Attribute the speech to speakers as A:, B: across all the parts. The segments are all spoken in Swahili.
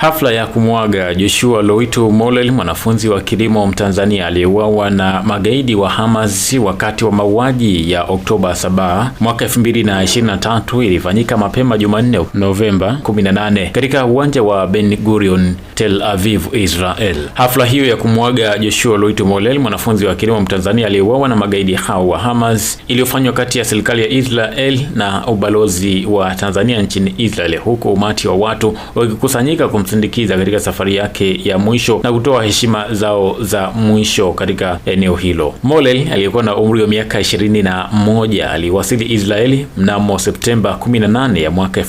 A: Hafla ya kumwaga Joshua Loitu Molel, mwanafunzi wa kilimo Mtanzania aliyeuawa na magaidi wa Hamas wakati wa mauaji ya Oktoba 7 mwaka 2023 ilifanyika mapema Jumanne, Novemba 18 katika uwanja wa Ben Gurion, Tel Aviv, Israel. Hafla hiyo ya kumwaga Joshua Loitu Molel, mwanafunzi wa kilimo Mtanzania aliyeuawa na magaidi hao wa Hamas, iliyofanywa kati ya serikali ya Israel na ubalozi wa Tanzania nchini Israel, huku umati wa watu wakikusanyika kumsindikiza katika safari yake ya mwisho na kutoa heshima zao za mwisho katika eneo hilo. Molel aliyekuwa na umri wa miaka ishirini na moja aliwasili Israeli mnamo Septemba 18 ya mwaka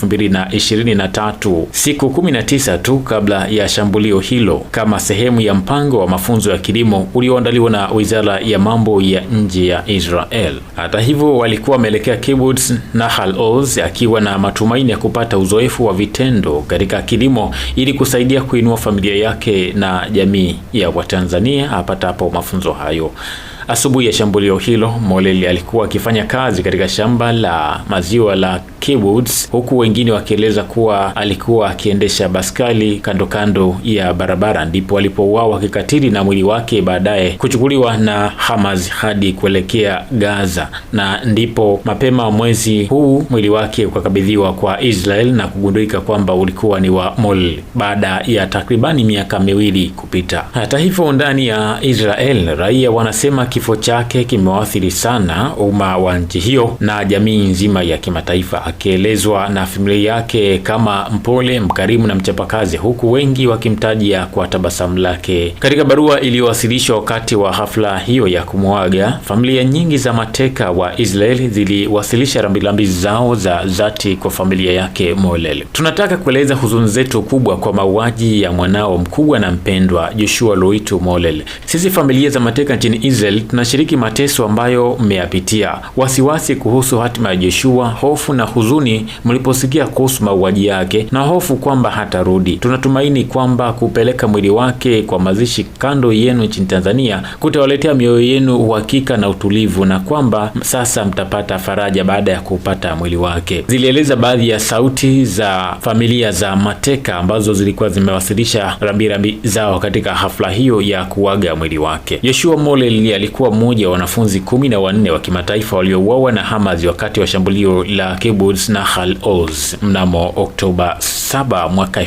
A: tatu, siku tisa tu kabla ya shambulio hilo, kama sehemu ya mpango wa mafunzo ya kilimo ulioandaliwa na Wizara ya Mambo ya Nje ya Israel. Hata hivyo, walikuwa wameelekea kibbutz Nahal Oz akiwa na matumaini ya kupata uzoefu wa vitendo katika kilimo ili ili kusaidia kuinua familia yake na jamii ya Watanzania. Apata hapo mafunzo hayo. Asubuhi ya shambulio hilo, Molel alikuwa akifanya kazi katika shamba la maziwa la Kiwoods, huku wengine wakieleza kuwa alikuwa akiendesha baskali kando kando ya barabara, ndipo alipouawa kikatili na mwili wake baadaye kuchukuliwa na Hamas hadi kuelekea Gaza, na ndipo mapema mwezi huu mwili wake ukakabidhiwa kwa Israel na kugundulika kwamba ulikuwa ni wa Molel baada ya takribani miaka miwili kupita. Hata hivyo, ndani ya Israel raia wanasema kifo chake kimewaathiri sana umma wa nchi hiyo na jamii nzima ya kimataifa, akielezwa na familia yake kama mpole, mkarimu na mchapakazi, huku wengi wakimtajia kwa tabasamu lake. Katika barua iliyowasilishwa wakati wa hafla hiyo ya kumwaga, familia nyingi za mateka wa Israel ziliwasilisha rambirambi zao za dhati kwa familia yake Molel. Tunataka kueleza huzuni zetu kubwa kwa mauaji ya mwanao mkubwa na mpendwa Joshua Loitu Molel. Sisi familia za mateka nchini Israel tunashiriki mateso ambayo mmeyapitia, wasiwasi kuhusu hatima ya Joshua, hofu na huzuni mliposikia kuhusu mauaji yake, na hofu kwamba hatarudi. Tunatumaini kwamba kupeleka mwili wake kwa mazishi kando yenu nchini Tanzania kutawaletea mioyo yenu uhakika na utulivu, na kwamba sasa mtapata faraja baada ya kupata mwili wake, zilieleza baadhi ya sauti za familia za mateka ambazo zilikuwa zimewasilisha rambirambi zao katika hafla hiyo ya kuaga mwili wake Joshua Molel alikuwa mmoja wa wanafunzi kumi na wanne wa kimataifa waliouawa na Hamas wakati wa shambulio la kibbutz Nahal Oz mnamo Oktoba saba mwaka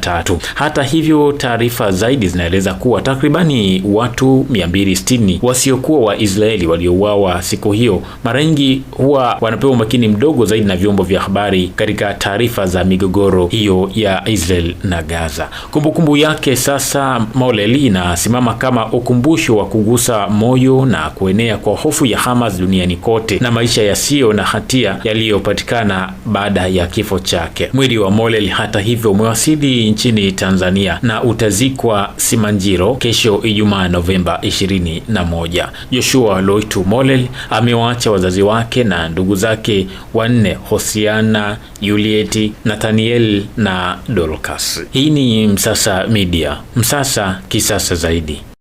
A: tatu. Hata hivyo, taarifa zaidi zinaeleza kuwa takribani watu 260 wasiokuwa Waisraeli waliouawa siku hiyo mara nyingi huwa wanapewa umakini mdogo zaidi na vyombo vya habari katika taarifa za migogoro hiyo ya Israel na Gaza. Kumbukumbu kumbu yake sasa Maulel inasimama kama ukumbusho wa kugusa moyo na kuenea kwa hofu ya Hamas duniani kote na maisha yasiyo na hatia yaliyopatikana baada ya kifo chake wake. Mwili wa Molel hata hivyo umewasili nchini Tanzania na utazikwa Simanjiro kesho Ijumaa Novemba 21. Joshua Loitu Molel amewaacha wazazi wake na ndugu zake wanne, Hosiana, Julieti, Nathaniel na Dorcas. Hii ni Msasa Media, Msasa kisasa zaidi.